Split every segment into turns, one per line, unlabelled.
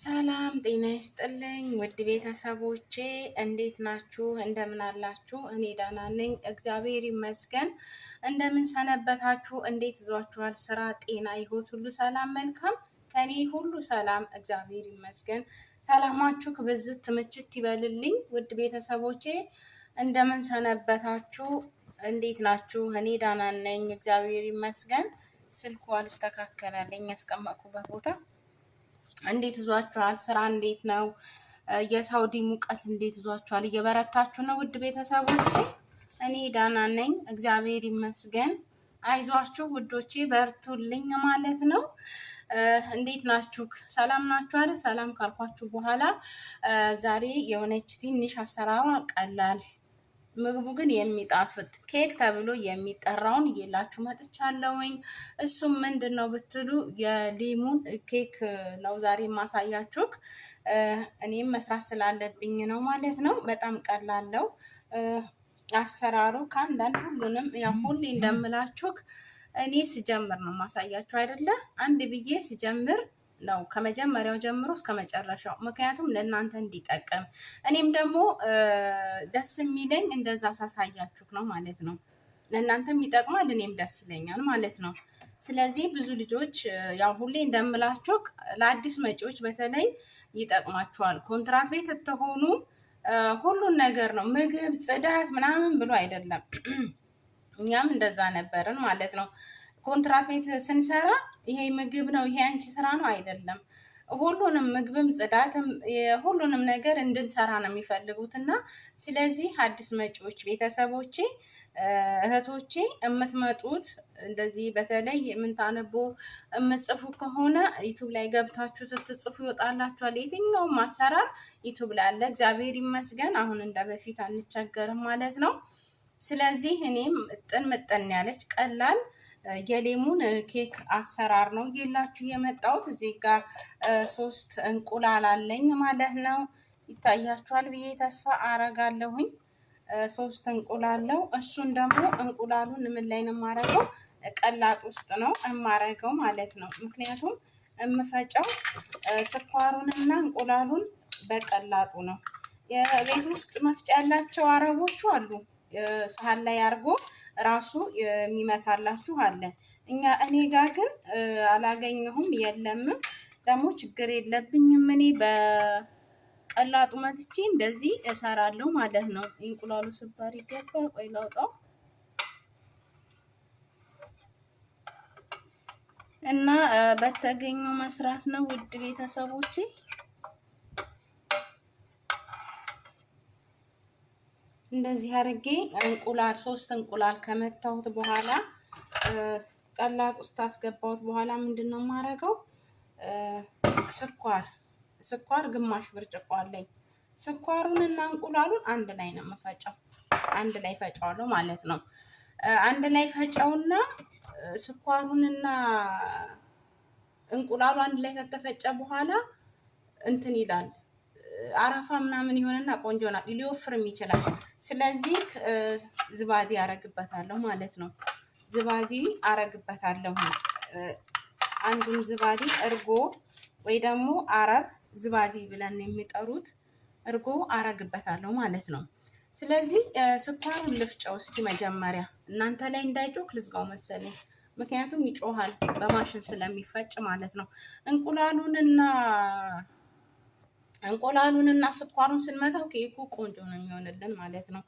ሰላም ጤና ይስጥልኝ ውድ ቤተሰቦቼ እንዴት ናችሁ? እንደምን አላችሁ? እኔ ደህና ነኝ እግዚአብሔር ይመስገን። እንደምን ሰነበታችሁ? እንዴት ይዟችኋል? ስራ፣ ጤና፣ ይሆት ሁሉ ሰላም መልካም ከኔ ሁሉ ሰላም እግዚአብሔር ይመስገን። ሰላማችሁ ብዝት ትምችት ይበልልኝ። ውድ ቤተሰቦቼ እንደምን ሰነበታችሁ? እንዴት ናችሁ? እኔ ደህና ነኝ እግዚአብሔር ይመስገን። ስልኩ አልስተካከላለኝ ያስቀመጥኩበት ቦታ እንዴት ይዟችኋል? ስራ እንዴት ነው? የሳውዲ ሙቀት እንዴት ይዟችኋል? እየበረታችሁ ነው? ውድ ቤተሰቦች እኔ ዳና ነኝ፣ እግዚአብሔር ይመስገን። አይዟችሁ ውዶቼ፣ በርቱልኝ ማለት ነው። እንዴት ናችሁ? ሰላም ናችኋል? ሰላም ካልኳችሁ በኋላ ዛሬ የሆነች ትንሽ አሰራሯ ቀላል ምግቡ ግን የሚጣፍጥ ኬክ ተብሎ የሚጠራውን እየላችሁ መጥቻለሁኝ። እሱም ምንድን ነው ብትሉ የሊሙን ኬክ ነው ዛሬ የማሳያችሁ። እኔም መስራት ስላለብኝ ነው ማለት ነው። በጣም ቀላለው አሰራሩ። ከአንዳንድ ሁሉንም ሁሌ እንደምላችሁ እኔ ስጀምር ነው ማሳያችሁ አይደለ? አንድ ብዬ ስጀምር ነው ከመጀመሪያው ጀምሮ እስከ መጨረሻው፣ ምክንያቱም ለእናንተ እንዲጠቅም እኔም ደግሞ ደስ የሚለኝ እንደዛ ሳሳያችሁ ነው ማለት ነው። ለእናንተም ይጠቅማል፣ እኔም ደስ ይለኛል ማለት ነው። ስለዚህ ብዙ ልጆች ያው ሁሌ እንደምላችሁ ለአዲስ መጪዎች በተለይ ይጠቅማችኋል። ኮንትራት ቤት እትሆኑ ሁሉን ነገር ነው ምግብ፣ ጽዳት ምናምን ብሎ አይደለም። እኛም እንደዛ ነበርን ማለት ነው። ኮንትራት ቤት ስንሰራ ይሄ ምግብ ነው ይሄ አንቺ ስራ ነው አይደለም። ሁሉንም ምግብም ጽዳትም ሁሉንም ነገር እንድንሰራ ነው የሚፈልጉት እና ስለዚህ አዲስ መጪዎች ቤተሰቦቼ እህቶቼ የምትመጡት እንደዚህ በተለይ የምንታነቦ የምትጽፉ ከሆነ ዩቱብ ላይ ገብታችሁ ስትጽፉ ይወጣላችኋል። የትኛውም አሰራር ዩቱብ ላይ አለ። እግዚአብሔር ይመስገን አሁን እንደ በፊት አንቸገርም ማለት ነው። ስለዚህ እኔም ምጥን ምጥን ያለች ቀላል የሌሙን ኬክ አሰራር ነው እየላችሁ የመጣሁት። እዚህ ጋር ሶስት እንቁላል አለኝ ማለት ነው። ይታያችኋል ብዬ ተስፋ አረጋለሁኝ። ሶስት እንቁላል ነው። እሱን ደግሞ እንቁላሉን ምን ላይ ነው የማረገው? ቀላጥ ውስጥ ነው የማረገው ማለት ነው። ምክንያቱም የምፈጨው ስኳሩንና እንቁላሉን በቀላጡ ነው። የቤት ውስጥ መፍጫ ያላቸው አረቦቹ አሉ። ሳህን ላይ አድርጎ ራሱ የሚመታላችሁ አለ። እኛ እኔ ጋር ግን አላገኘሁም፣ የለምም። ደግሞ ችግር የለብኝም። እኔ በቀላጡ መትቼ እንደዚህ እሰራለሁ ማለት ነው። እንቁላሉ ስባር ይገባ። ቆይ ላውጣው እና በተገኘው መስራት ነው ውድ ቤተሰቦቼ። እንደዚህ አድርጌ እንቁላል ሶስት እንቁላል ከመታሁት በኋላ ቀላጥ ውስጥ አስገባሁት በኋላ ምንድን ነው የማደርገው? ስኳር ስኳር ግማሽ ብርጭቆ አለኝ። ስኳሩን እና እንቁላሉን አንድ ላይ ነው የምፈጨው። አንድ ላይ ፈጨዋለሁ ማለት ነው። አንድ ላይ ፈጨውና ስኳሩንና እንቁላሉ አንድ ላይ ከተፈጨ በኋላ እንትን ይላል አረፋ ምናምን ይሆንና ቆንጆ ናት፣ ሊወፍርም ይችላል። ስለዚህ ዝባዲ አረግበታለሁ ማለት ነው። ዝባዲ አረግበታለሁ። አንዱን ዝባዲ እርጎ ወይ ደግሞ አረብ ዝባዲ ብለን የሚጠሩት እርጎ አረግበታለሁ ማለት ነው። ስለዚህ ስኳሩን ልፍጨው እስኪ መጀመሪያ እናንተ ላይ እንዳይጮክ ልዝጋው መሰለኝ፣ ምክንያቱም ይጮሃል በማሽን ስለሚፈጭ ማለት ነው። እንቁላሉንና እንቁላሉን እና ስኳሩን ስንመታው ኬኩ ቆንጆ ነው የሚሆንልን ማለት ነው።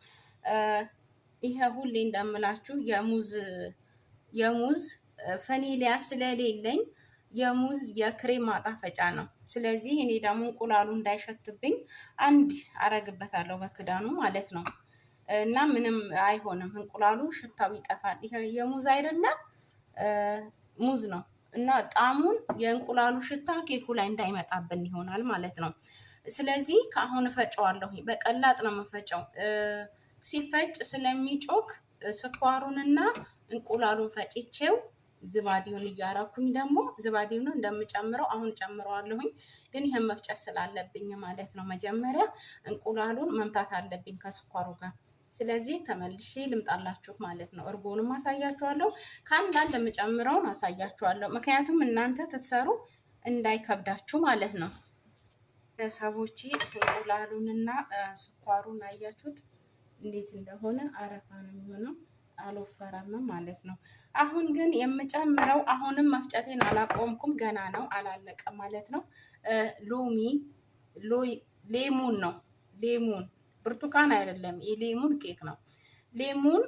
ይሄ ሁሌ እንደምላችሁ የሙዝ የሙዝ ፈኔሊያ ስለሌለኝ የሙዝ የክሬም ማጣፈጫ ነው። ስለዚህ እኔ ደግሞ እንቁላሉ እንዳይሸትብኝ አንድ አረግበታለሁ በክዳኑ ማለት ነው እና ምንም አይሆንም። እንቁላሉ ሽታው ይጠፋል። ይሄ የሙዝ አይደለም ሙዝ ነው። እና ጣዕሙን የእንቁላሉ ሽታ ኬኩ ላይ እንዳይመጣብን ይሆናል ማለት ነው። ስለዚህ ከአሁን እፈጨዋለሁ። በቀላጥ ነው የምፈጨው። ሲፈጭ ስለሚጮክ ስኳሩንና እንቁላሉን ፈጭቼው ዝባዲውን እያረኩኝ ደግሞ ዝባዴውን እንደምጨምረው አሁን ጨምረዋለሁኝ፣ ግን ይህን መፍጨት ስላለብኝ ማለት ነው። መጀመሪያ እንቁላሉን መምታት አለብኝ ከስኳሩ ጋር ስለዚህ ተመልሼ ልምጣላችሁ ማለት ነው። እርጎንም አሳያችኋለሁ፣ ከአንዳንድ የምጨምረውን አሳያችኋለሁ። ምክንያቱም እናንተ ትትሰሩ እንዳይከብዳችሁ ማለት ነው። ሰቦቼ እንቁላሉንና ስኳሩን አያችሁት እንዴት እንደሆነ አረፋ ነው የሚሆነው። አልወፈረምም ማለት ነው። አሁን ግን የምጨምረው አሁንም መፍጨቴን አላቆምኩም፣ ገና ነው አላለቀም ማለት ነው። ሎሚ ሌሙን ነው ሌሙን ብርቱካን አይደለም፣ ሌሙን ኬክ ነው። ሌሙን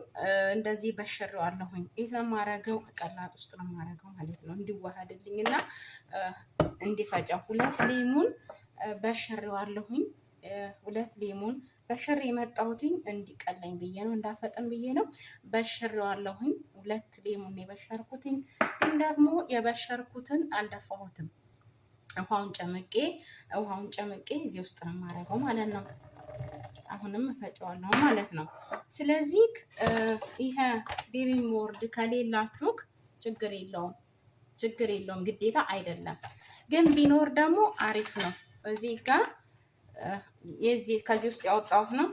እንደዚህ በሽሬው አለሁኝ። የተማረገው ቀላጥ ውስጥ ነው ማረገው ማለት ነው እንዲዋሃድልኝ እና እንዲፈጨው። ሁለት ሌሙን በሽሬው አለሁኝ። ሁለት ሌሙን በሽሬ የመጣሁትኝ እንዲቀለኝ ብዬ ነው እንዳፈጠን ብዬ ነው በሽሬው አለሁኝ። ሁለት ሌሙን የበሸርኩትኝ ግን ደግሞ የበሸርኩትን አልደፋሁትም ውሃውን ጨምቄ ውሃውን ጨምቄ እዚህ ውስጥ ነው የማደርገው ማለት ነው። አሁንም እፈጨዋለሁ ማለት ነው። ስለዚህ ይሄ ዲሪም ወርድ ከሌላችሁ ችግር የለውም፣ ችግር የለውም ግዴታ አይደለም። ግን ቢኖር ደግሞ አሪፍ ነው። እዚህ ጋር የዚህ ከዚህ ውስጥ ያወጣሁት ነው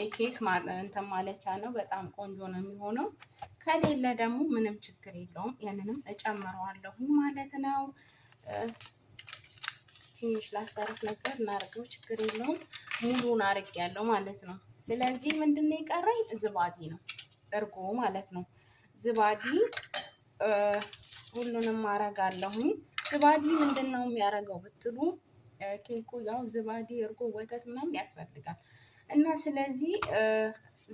የኬክ እንትን ማለቻ ነው። በጣም ቆንጆ ነው የሚሆነው። ከሌለ ደግሞ ምንም ችግር የለውም። ያንንም እጨምረዋለሁ ማለት ነው። ትንሽ ላስታርፍ ነበር እናደርገው፣ ችግር የለውም። ሙሉውን አርግ ያለው ማለት ነው። ስለዚህ ምንድን ነው የቀረኝ? ዝባዲ ነው፣ እርጎ ማለት ነው። ዝባዲ ሁሉንም አረጋለሁኝ። ዝባዲ ምንድን ነው የሚያረገው ብትሉ ኬኩ ያው ዝባዲ፣ እርጎ፣ ወተት ምናምን ያስፈልጋል እና ስለዚህ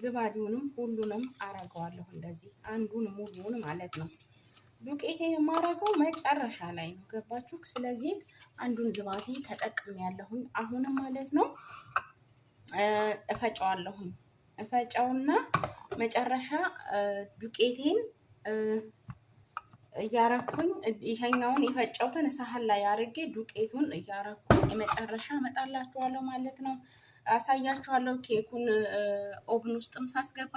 ዝባዲውንም ሁሉንም አረገዋለሁ እንደዚህ አንዱን ሙሉውን ማለት ነው። ዱቄቴ የማደርገው መጨረሻ ላይ ነው። ገባችሁ? ስለዚህ አንዱን ዝባቴ ተጠቅም ያለሁኝ አሁንም ማለት ነው እፈጨዋለሁኝ። እፈጨውና መጨረሻ ዱቄቴን እያረኩኝ ይሄኛውን የፈጨውትን ሳህን ላይ አድርጌ ዱቄቱን እያረኩኝ መጨረሻ እመጣላችኋለሁ ማለት ነው። አሳያችኋለሁ። ኬኩን ኦብን ውስጥም ሳስገባ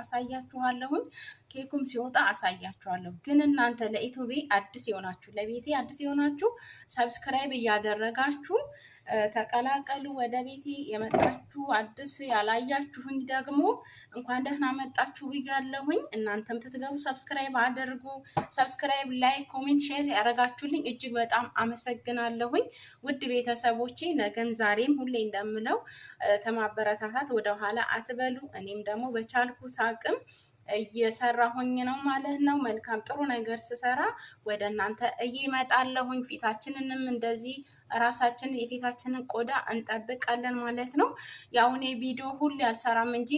አሳያችኋለሁኝ። ኬኩም ሲወጣ አሳያችኋለሁ። ግን እናንተ ለኢትዮቤ አዲስ የሆናችሁ ለቤቴ አዲስ የሆናችሁ ሰብስክራይብ እያደረጋችሁ ተቀላቀሉ። ወደ ቤቴ የመጣችሁ አዲስ ያላያችሁኝ ደግሞ እንኳን ደህና መጣችሁ ብያለሁኝ። እናንተም ትትገቡ ሰብስክራይብ አድርጉ። ሰብስክራይብ፣ ላይክ፣ ኮሜንት፣ ሼር ያደረጋችሁልኝ እጅግ በጣም አመሰግናለሁኝ። ውድ ቤተሰቦቼ ነገም ዛሬም ሁሌ እንደምለው ተማበረታታት ወደኋላ አትበሉ። እኔም ደግሞ በቻልኩት አቅም እየሰራሁኝ ነው ማለት ነው። መልካም ጥሩ ነገር ስሰራ ወደ እናንተ እየመጣለሁኝ ፊታችንንም እንደዚህ ራሳችንን የፊታችንን ቆዳ እንጠብቃለን ማለት ነው። ያው እኔ ቪዲዮ ሁሌ አልሰራም እንጂ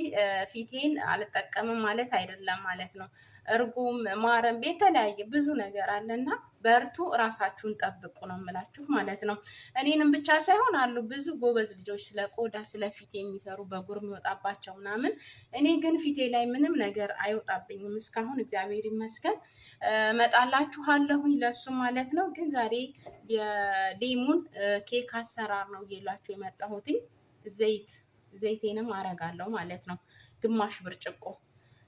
ፊቴን አልጠቀምም ማለት አይደለም ማለት ነው። እርጉም ማረም የተለያየ ብዙ ነገር አለና በርቱ፣ እራሳችሁን ጠብቁ ነው የምላችሁ ማለት ነው። እኔንም ብቻ ሳይሆን አሉ ብዙ ጎበዝ ልጆች ስለ ቆዳ ስለ ፊት የሚሰሩ በጉር የሚወጣባቸው ምናምን። እኔ ግን ፊቴ ላይ ምንም ነገር አይወጣብኝም እስካሁን እግዚአብሔር ይመስገን። እመጣላችኋለሁኝ ለሱ ማለት ነው። ግን ዛሬ የሌሙን ኬክ አሰራር ነው እየላችሁ የመጣሁትኝ። ዘይት ዘይቴንም አረጋለሁ ማለት ነው ግማሽ ብርጭቆ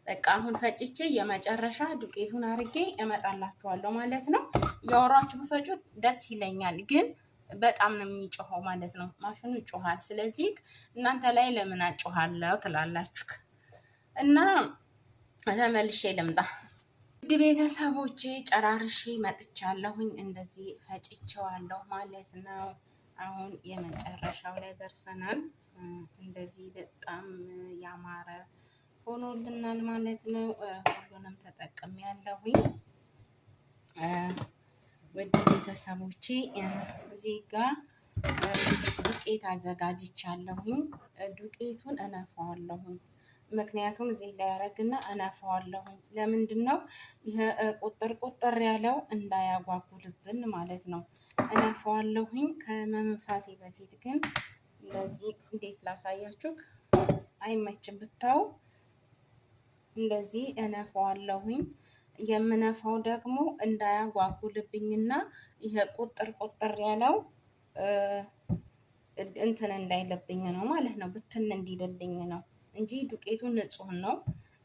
በቃ አሁን ፈጭቼ የመጨረሻ ዱቄቱን አርጌ እመጣላችኋለሁ ማለት ነው። እያወራችሁ በፈጩ ደስ ይለኛል፣ ግን በጣም ነው የሚጮኸው ማለት ነው። ማሽኑ ይጮሃል። ስለዚህ እናንተ ላይ ለምን አጮኋለሁ ትላላችሁ እና ተመልሼ ልምጣ። ውድ ቤተሰቦቼ ጨራርሼ መጥቻለሁኝ። እንደዚህ ፈጭቸዋለሁ ማለት ነው። አሁን የመጨረሻው ላይ ደርሰናል። እንደዚህ በጣም ያማረ ሆኖልናል ማለት ነው። ሁሉንም ተጠቅም ያለሁኝ ወደ ቤተሰቦቼ እዚህ ጋር ዱቄት አዘጋጅቻለሁኝ። ዱቄቱን እነፋዋለሁኝ። ምክንያቱም እዚህ ላይ ያረግና እነፋዋለሁኝ። ለምንድን ነው ይህ ቁጥር ቁጥር ያለው እንዳያጓጉልብን ማለት ነው። እነፋዋለሁኝ። ከመንፋቴ በፊት ግን እንደዚህ እንዴት ላሳያችሁ፣ አይመችም ብታው እንደዚህ እነፋዋለሁኝ። የምነፋው ደግሞ እንዳያጓጉልብኝና ይሄ ቁጥር ቁጥር ያለው እንትን እንዳይልብኝ ነው ማለት ነው። ብትን እንዲልልኝ ነው እንጂ ዱቄቱ ንጹህ ነው።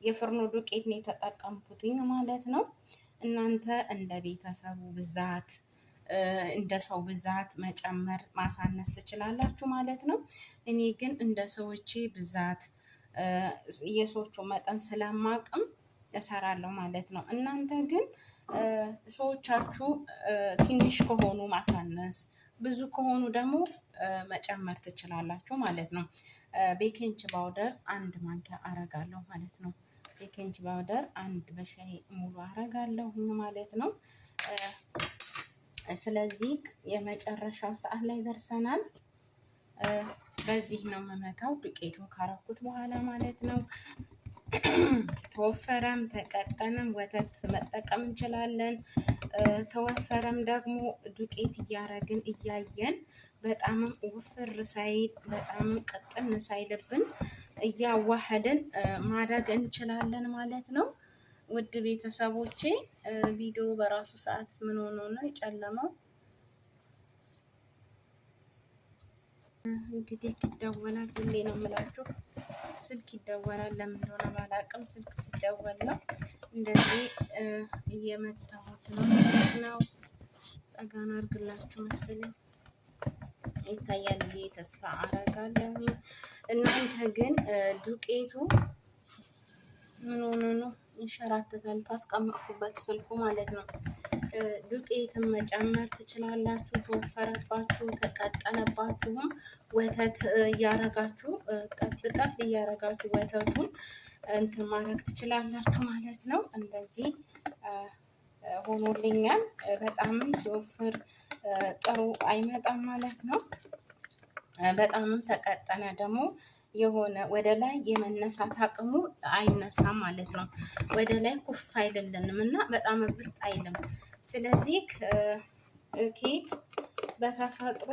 የፍርኖ ዱቄት ነው የተጠቀምኩትኝ ማለት ነው። እናንተ እንደ ቤተሰቡ ብዛት እንደ ሰው ብዛት መጨመር ማሳነስ ትችላላችሁ ማለት ነው። እኔ ግን እንደ ሰዎቼ ብዛት የሶቹ መጠን ስለማቅም እሰራለሁ ማለት ነው። እናንተ ግን ሰዎቻችሁ ትንሽ ከሆኑ ማሳነስ፣ ብዙ ከሆኑ ደግሞ መጨመር ትችላላችሁ ማለት ነው። ቤኪንግ ባውደር አንድ ማንኪያ አረጋለሁ ማለት ነው። ቤኪንግ ባውደር አንድ በሻይ ሙሉ አረጋለሁ ማለት ነው። ስለዚህ የመጨረሻው ሰዓት ላይ ደርሰናል። በዚህ ነው መመታው። ዱቄቱን ካረኩት በኋላ ማለት ነው። ተወፈረም ተቀጠንም ወተት መጠቀም እንችላለን። ተወፈረም ደግሞ ዱቄት እያረግን እያየን በጣምም ውፍር ሳይል በጣምም ቅጥን ሳይልብን እያዋህድን ማድረግ እንችላለን ማለት ነው። ውድ ቤተሰቦቼ ቪዲዮ በራሱ ሰዓት ምን ሆኖ ነው የጨለመው? እንግዲህ ይደወላል። ሁሌ ነው የምላችሁ፣ ስልክ ይደወላል። ለምን እንደሆነ ስልክ ሲደወል ነው እንደዚህ እየመታሁት ነው ማለት ነው። ጠጋና አድርግላችሁ መሰለኝ ይታያል ብዬ ተስፋ አደርጋለሁ። እናንተ ግን ዱቄቱ ምን ሆኖ ነው? ይንሸራተታል። ታስቀመጥኩበት ስልኩ ማለት ነው። ዱቄትን መጨመር ትችላላችሁ። ተወፈረባችሁ፣ ተቀጠነባችሁም ወተት እያረጋችሁ ጠብጠብ እያረጋችሁ ወተቱን እንትን ማድረግ ትችላላችሁ ማለት ነው። እንደዚህ ሆኖልኛል። በጣምም ሲወፍር ጥሩ አይመጣም ማለት ነው። በጣምም ተቀጠነ ደግሞ የሆነ ወደ ላይ የመነሳት አቅሙ አይነሳም ማለት ነው። ወደ ላይ ኩፍ አይደለንም እና በጣም ብርጥ አይልም። ስለዚህ ኬክ በተፈጥሮ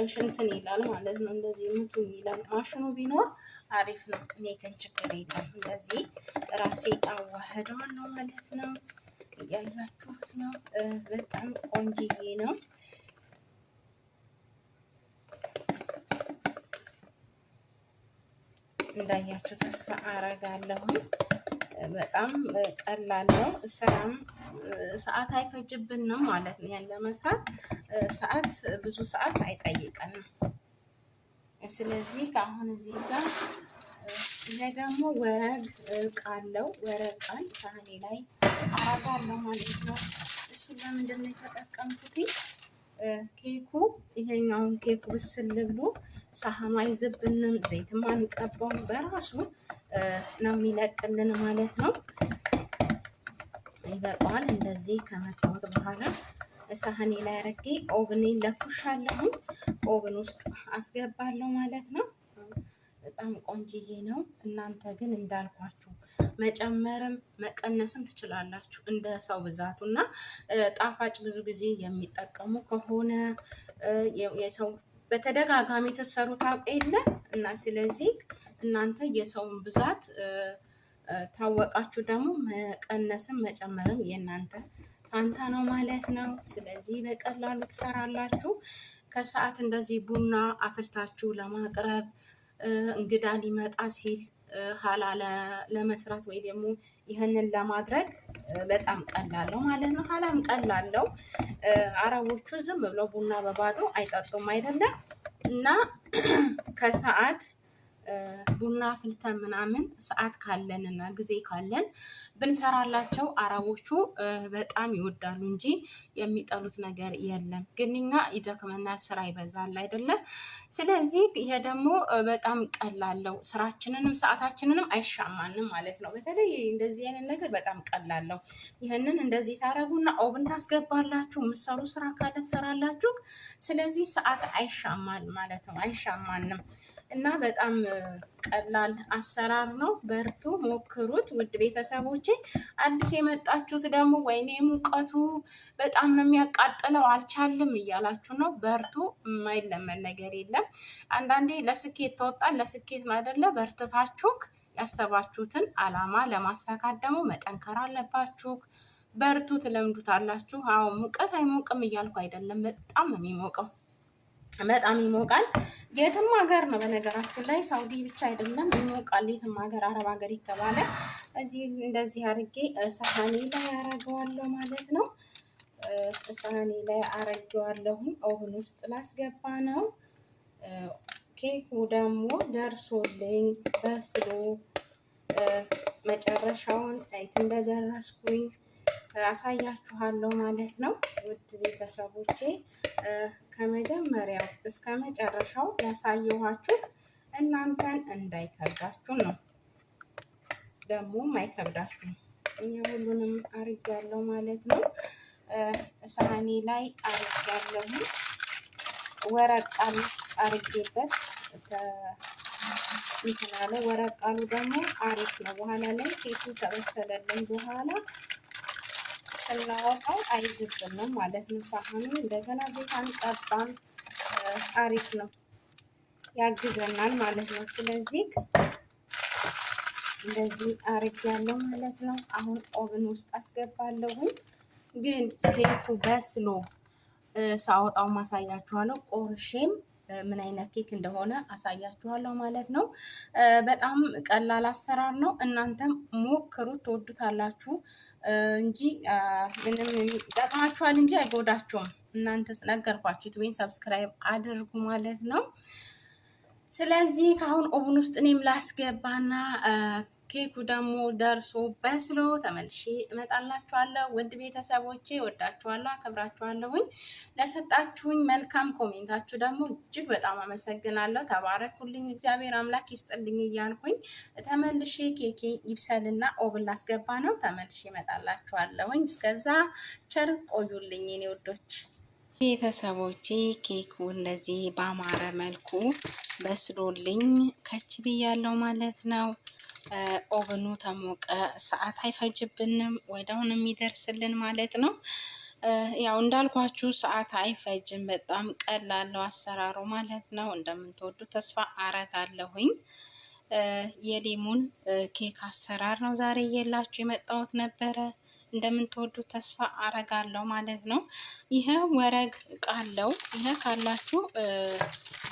እንሽንትን ይላል ማለት ነው። እንደዚህ ምቱን ይላል። ማሽኑ ቢኖር አሪፍ ነው። እኔ ግን ችግር የለም። እንደዚህ ራሴ አዋህደዋለሁ ማለት ነው። እያያችሁት ነው። በጣም ቆንጅዬ ነው። እንዳያችሁ ተስፋ አረጋለሁ። በጣም ቀላል ነው። ስራም ሰዓት አይፈጅብንም ማለት ነው። ያን ለመስራት ሰዓት ብዙ ሰዓት አይጠይቀንም። ስለዚህ ከአሁን እዚህ ጋር ይሄ ደግሞ ወረግ ቃለው ወረግ ቃል ሳህኔ ላይ አረጋለሁ ማለት ነው። እሱ ለምንድን ነው የተጠቀምኩት? ኬኩ ይሄኛውን ኬክ ብስል ብሎ ሳህኑ አይዝብንም፣ ዘይትም አንቀባውም፣ በራሱ ነው የሚለቅልን ማለት ነው። ይበቃዋል። እንደዚህ ከመታወት በኋላ ሳህኔ ላይ አረጌ ኦብኔ ለኩሻለሁ። ኦብን ውስጥ አስገባለሁ ማለት ነው። በጣም ቆንጅዬ ነው። እናንተ ግን እንዳልኳችሁ መጨመርም መቀነስም ትችላላችሁ እንደ ሰው ብዛቱ እና ጣፋጭ ብዙ ጊዜ የሚጠቀሙ ከሆነ የሰው በተደጋጋሚ የተሰሩ ታውቀ የለ እና ስለዚህ እናንተ የሰውን ብዛት ታወቃችሁ ደግሞ መቀነስም መጨመርም የእናንተ ፋንታ ነው ማለት ነው። ስለዚህ በቀላሉ ትሰራላችሁ። ከሰዓት እንደዚህ ቡና አፍልታችሁ ለማቅረብ እንግዳ ሊመጣ ሲል ሀላ ለመስራት ወይ ደግሞ ይህንን ለማድረግ በጣም ቀላለው ማለት ነው። ሀላም ቀላለው። አረቦቹ ዝም ብለው ቡና በባዶ አይጠጡም አይደለም እና ከሰዓት ቡና ፍልተን ምናምን ሰዓት ካለን እና ጊዜ ካለን ብንሰራላቸው አረቦቹ በጣም ይወዳሉ እንጂ የሚጠሉት ነገር የለም። ግን እኛ ይደክመናል፣ ስራ ይበዛል አይደለም ስለዚህ ይሄ ደግሞ በጣም ቀላለው፣ ስራችንንም ሰዓታችንንም አይሻማንም ማለት ነው። በተለይ እንደዚህ አይነት ነገር በጣም ቀላለው። ይህንን እንደዚህ ታረጉና ኦብን ታስገባላችሁ፣ የምሰሩ ስራ ካለ ትሰራላችሁ። ስለዚህ ሰዓት አይሻማል ማለት ነው፣ አይሻማንም እና በጣም ቀላል አሰራር ነው። በርቱ፣ ሞክሩት ውድ ቤተሰቦቼ። አዲስ የመጣችሁት ደግሞ ወይኔ ሙቀቱ በጣም ነው የሚያቃጥለው አልቻልም እያላችሁ ነው። በርቱ፣ የማይለመን ነገር የለም። አንዳንዴ ለስኬት ተወጣን ለስኬት አይደለ በርትታችሁ ያሰባችሁትን አላማ ለማሳካት ደግሞ መጠንከር አለባችሁ። በርቱ፣ ትለምዱታላችሁ። አሁን ሙቀት አይሞቅም እያልኩ አይደለም፣ በጣም ነው የሚሞቀው በጣም ይሞቃል። የትም ሀገር ነው በነገራችን ላይ ሳውዲ ብቻ አይደለም ይሞቃል። የትም ሀገር አረብ ሀገር የተባለ እዚህ እንደዚህ አርጌ ሳህኔ ላይ አረገዋለሁ ማለት ነው። ሳህኔ ላይ አረገዋለሁኝ። ኦቭን ውስጥ ላስገባ ነው። ኬኩ ደግሞ ደርሶልኝ በስሎ መጨረሻውን አይት እንደደረስኩኝ አሳያችኋለሁ ማለት ነው። ውድ ቤተሰቦቼ ከመጀመሪያው እስከ መጨረሻው ያሳየኋችሁ እናንተን እንዳይከብዳችሁ ነው። ደግሞም አይከብዳችሁም። እኛ ሁሉንም አርጋለሁ ማለት ነው። ሳህኔ ላይ አርጋለሁ፣ ወረቃል አርጌበት ይችላለ። ወረቃሉ ደግሞ አሪፍ ነው። በኋላ ላይ ኬቱ ተበሰለልን በኋላ ስናወጣው አይዝብንም ማለት ነው። ሳህኑ እንደገና ቤታን አንጠባም። አሪፍ ነው፣ ያግዘናል ማለት ነው። ስለዚህ እንደዚህ አሪፍ ያለው ማለት ነው። አሁን ኦብን ውስጥ አስገባለሁኝ። ግን ኬኩ በስሎ ሳወጣው ማሳያችኋለሁ። ቆርሼም ምን አይነት ኬክ እንደሆነ አሳያችኋለሁ ማለት ነው። በጣም ቀላል አሰራር ነው። እናንተም ሞክሩት፣ ትወዱታላችሁ። እንጂ ምንም ይጠቅማችኋል እንጂ አይጎዳችሁም። እናንተ ነገርኳችሁ፣ ወይም ሰብስክራይብ አድርጉ ማለት ነው። ስለዚህ ከአሁን ኦብን ውስጥ እኔም ላስገባና ኬኩ ደግሞ ደርሶ በስሎ ተመልሼ እመጣላችኋለሁ። ውድ ቤተሰቦቼ ወዳችኋለሁ፣ አከብራችኋለሁኝ። ለሰጣችሁኝ መልካም ኮሜንታችሁ ደግሞ እጅግ በጣም አመሰግናለሁ። ተባረኩልኝ፣ እግዚአብሔር አምላክ ይስጥልኝ እያልኩኝ ተመልሼ ኬኬ ይብሰልና ኦብን ላስገባ ነው። ተመልሼ እመጣላችኋለሁኝ። እስከዛ ቸር ቆዩልኝ የኔ ውዶች። ቤተሰቦቼ ኬኩ እንደዚህ ባማረ መልኩ በስሎልኝ ከች ብያለው ማለት ነው። ኦቨኑ ተሞቀ፣ ሰዓት አይፈጅብንም፣ ወዳውን የሚደርስልን ማለት ነው። ያው እንዳልኳችሁ ሰዓት አይፈጅም፣ በጣም ቀላለው አሰራሩ ማለት ነው። እንደምትወዱ ተስፋ አረጋለሁኝ። የሌሙን ኬክ አሰራር ነው ዛሬ እየላችሁ የመጣሁት ነበረ እንደምትወዱት ተስፋ አረጋለሁ ማለት ነው። ይሄ ወረግ ቃለው ይሄ ካላችሁ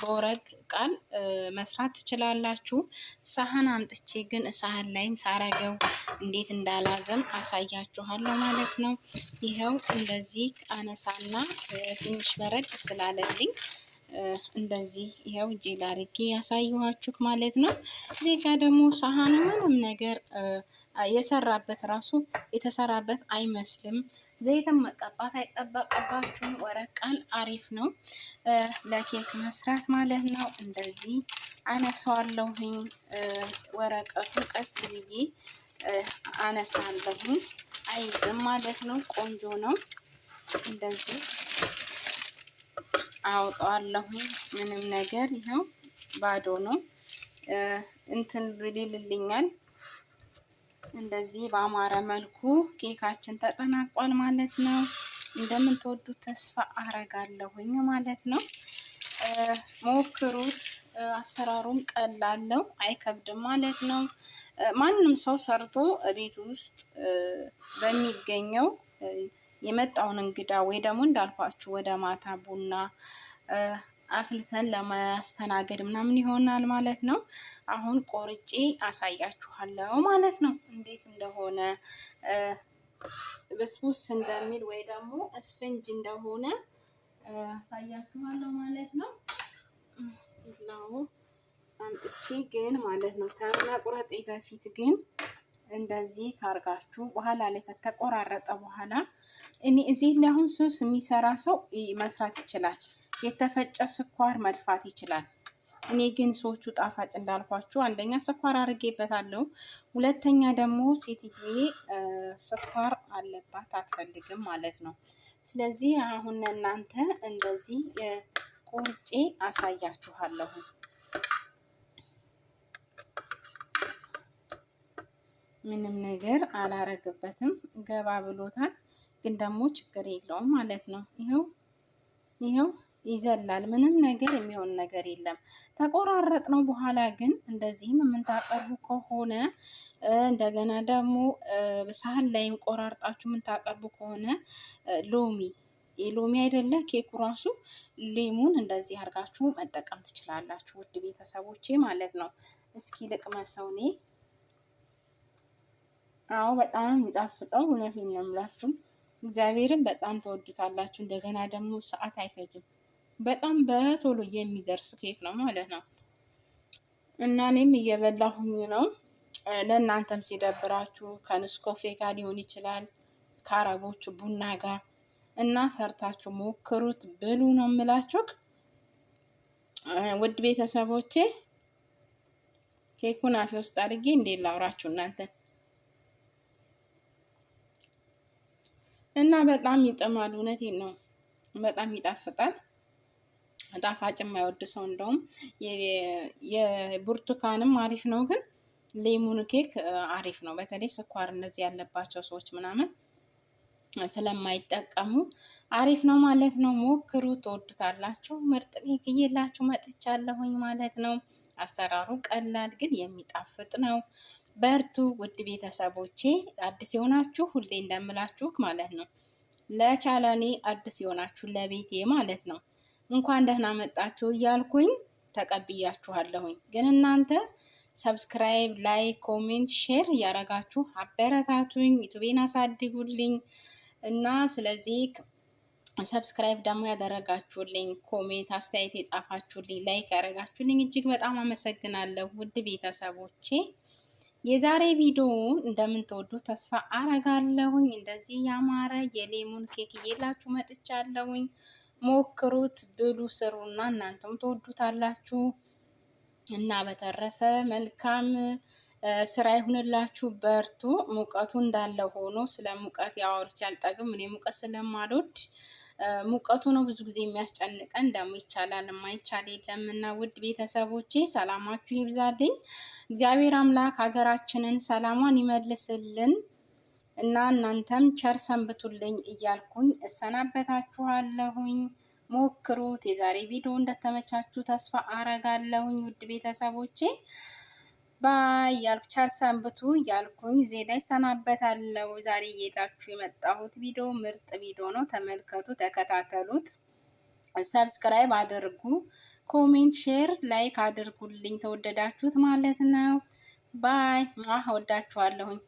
በወረግ ቃል መስራት ትችላላችሁ። ሳህን አምጥቼ ግን ሳህን ላይም ሳረገው እንዴት እንዳላዘም አሳያችኋለሁ ማለት ነው። ይኸው እንደዚህ አነሳና ትንሽ በረድ ስላለልኝ እንደዚህ ይኸው እጄ ላርጌ ያሳየኋችሁ ማለት ነው። እዚህ ጋር ደግሞ ሳህኑ ምንም ነገር የሰራበት ራሱ የተሰራበት አይመስልም። ዘይትም መቀባት አይጠበቅባችሁም። ወረቃል አሪፍ ነው ለኬክ መስራት ማለት ነው። እንደዚህ አነሳዋለሁኝ። ወረቀቱ ቀስ ብዬ አነሳለሁኝ። አይዝም ማለት ነው። ቆንጆ ነው እንደዚህ አውቀዋለሁኝ። ምንም ነገር ይኸው ባዶ ነው። እንትን ብልልልኛል። እንደዚህ በአማረ መልኩ ኬካችን ተጠናቋል ማለት ነው። እንደምትወዱት ተስፋ አረጋለሁኝ ማለት ነው። ሞክሩት። አሰራሩም ቀላለው ነው፣ አይከብድም ማለት ነው። ማንም ሰው ሰርቶ ቤት ውስጥ በሚገኘው የመጣውን እንግዳ ወይ ደግሞ እንዳልኳችሁ ወደ ማታ ቡና አፍልተን ለማስተናገድ ምናምን ይሆናል ማለት ነው። አሁን ቆርጬ አሳያችኋለሁ ማለት ነው እንዴት እንደሆነ ብስቡስ እንደሚል ወይ ደግሞ እስፍንጅ እንደሆነ አሳያችኋለሁ ማለት ነው። ላው አምጥቼ ግን ማለት ነው ተቁረጤ በፊት ግን እንደዚህ ካርጋችሁ በኋላ ላይ ከተቆራረጠ በኋላ እኔ እዚህ ላይ አሁን ሱስ የሚሰራ ሰው መስራት ይችላል። የተፈጨ ስኳር መድፋት ይችላል። እኔ ግን ሰዎቹ ጣፋጭ እንዳልኳችሁ አንደኛ ስኳር አድርጌበታለሁ፣ ሁለተኛ ደግሞ ሴትዬ ስኳር አለባት አትፈልግም ማለት ነው። ስለዚህ አሁን እናንተ እንደዚህ ቁርጬ አሳያችኋለሁ። ምንም ነገር አላረግበትም። ገባ ብሎታል፣ ግን ደግሞ ችግር የለውም ማለት ነው። ይኸው ይኸው ይዘላል። ምንም ነገር የሚሆን ነገር የለም። ተቆራረጥ ነው በኋላ ግን እንደዚህም የምንታቀርቡ ከሆነ እንደገና ደግሞ ሳህን ላይም ቆራርጣችሁ የምንታቀርቡ ከሆነ ሎሚ የሎሚ አይደለ ኬኩ ራሱ ሌሙን እንደዚህ አድርጋችሁ መጠቀም ትችላላችሁ፣ ውድ ቤተሰቦቼ ማለት ነው። እስኪ ልቅመሰው እኔ አዎ በጣም የሚጣፍጠው። እውነቴን ነው የምላችሁ። እግዚአብሔርን በጣም ተወዱታላችሁ። እንደገና ደግሞ ሰዓት አይፈጅም። በጣም በቶሎ የሚደርስ ኬክ ነው ማለት ነው እና እኔም እየበላሁኝ ነው። ለእናንተም ሲደብራችሁ ከንስኮፌ ጋር ሊሆን ይችላል፣ ከአረቦቹ ቡና ጋር እና ሰርታችሁ ሞክሩት ብሉ ነው የምላችሁ ውድ ቤተሰቦቼ። ኬኩን አፌ ውስጥ አድርጌ እንዴት ላውራችሁ እናንተን እና በጣም ይጥማል። እውነቴን ነው፣ በጣም ይጣፍጣል። ጣፋጭ የማይወድ ሰው እንደውም የብርቱካንም አሪፍ ነው፣ ግን ሌሙን ኬክ አሪፍ ነው። በተለይ ስኳር እነዚህ ያለባቸው ሰዎች ምናምን ስለማይጠቀሙ አሪፍ ነው ማለት ነው። ሞክሩ፣ ትወዱታላችሁ። ምርጥ ኬክ እየላችሁ መጥቻለሁኝ ማለት ነው። አሰራሩ ቀላል ግን የሚጣፍጥ ነው። በርቱ ውድ ቤተሰቦቼ። አዲስ የሆናችሁ ሁሌ እንደምላችሁ ማለት ነው ለቻላኔ አዲስ የሆናችሁ ለቤቴ ማለት ነው እንኳን ደህና መጣችሁ እያልኩኝ ተቀብያችኋለሁኝ። ግን እናንተ ሰብስክራይብ፣ ላይክ፣ ኮሜንት፣ ሼር እያረጋችሁ አበረታቱኝ፣ ዩቱቤን አሳድጉልኝ እና ስለዚህ ሰብስክራይብ ደግሞ ያደረጋችሁልኝ፣ ኮሜንት አስተያየት የጻፋችሁልኝ፣ ላይክ ያደረጋችሁልኝ እጅግ በጣም አመሰግናለሁ ውድ ቤተሰቦቼ። የዛሬ ቪዲዮውን እንደምትወዱ ተስፋ አረጋለሁኝ። እንደዚህ ያማረ የሌሙን ኬክ እየላችሁ መጥቻለሁኝ። ሞክሩት፣ ብሉ፣ ስሩና እናንተም ትወዱታላችሁ እና በተረፈ መልካም ስራ ይሁንላችሁ። በርቱ። ሙቀቱ እንዳለ ሆኖ ስለ ሙቀት ያወርቻል ጠግም እኔ ሙቀት ስለማልወድ ሙቀቱ ነው ብዙ ጊዜ የሚያስጨንቀን። ደግሞ ይቻላል የማይቻል የለም እና ውድ ቤተሰቦቼ ሰላማችሁ ይብዛልኝ። እግዚአብሔር አምላክ ሀገራችንን ሰላሟን ይመልስልን እና እናንተም ቸር ሰንብቱልኝ እያልኩኝ እሰናበታችኋለሁኝ። ሞክሩት። የዛሬ ቪዲዮ እንደተመቻችሁ ተስፋ አረጋለሁኝ ውድ ቤተሰቦቼ ባይ ያልኩ ቻል ሰንብቱ ያልኩኝ ዜና ይሰናበታለው። ዛሬ እየላችሁ የመጣሁት ቪዲዮ ምርጥ ቪዲዮ ነው። ተመልከቱ፣ ተከታተሉት፣ ሰብስክራይብ አድርጉ፣ ኮሜንት፣ ሼር፣ ላይክ አድርጉልኝ። ተወደዳችሁት ማለት ነው። ባይ ወዳችኋለሁኝ።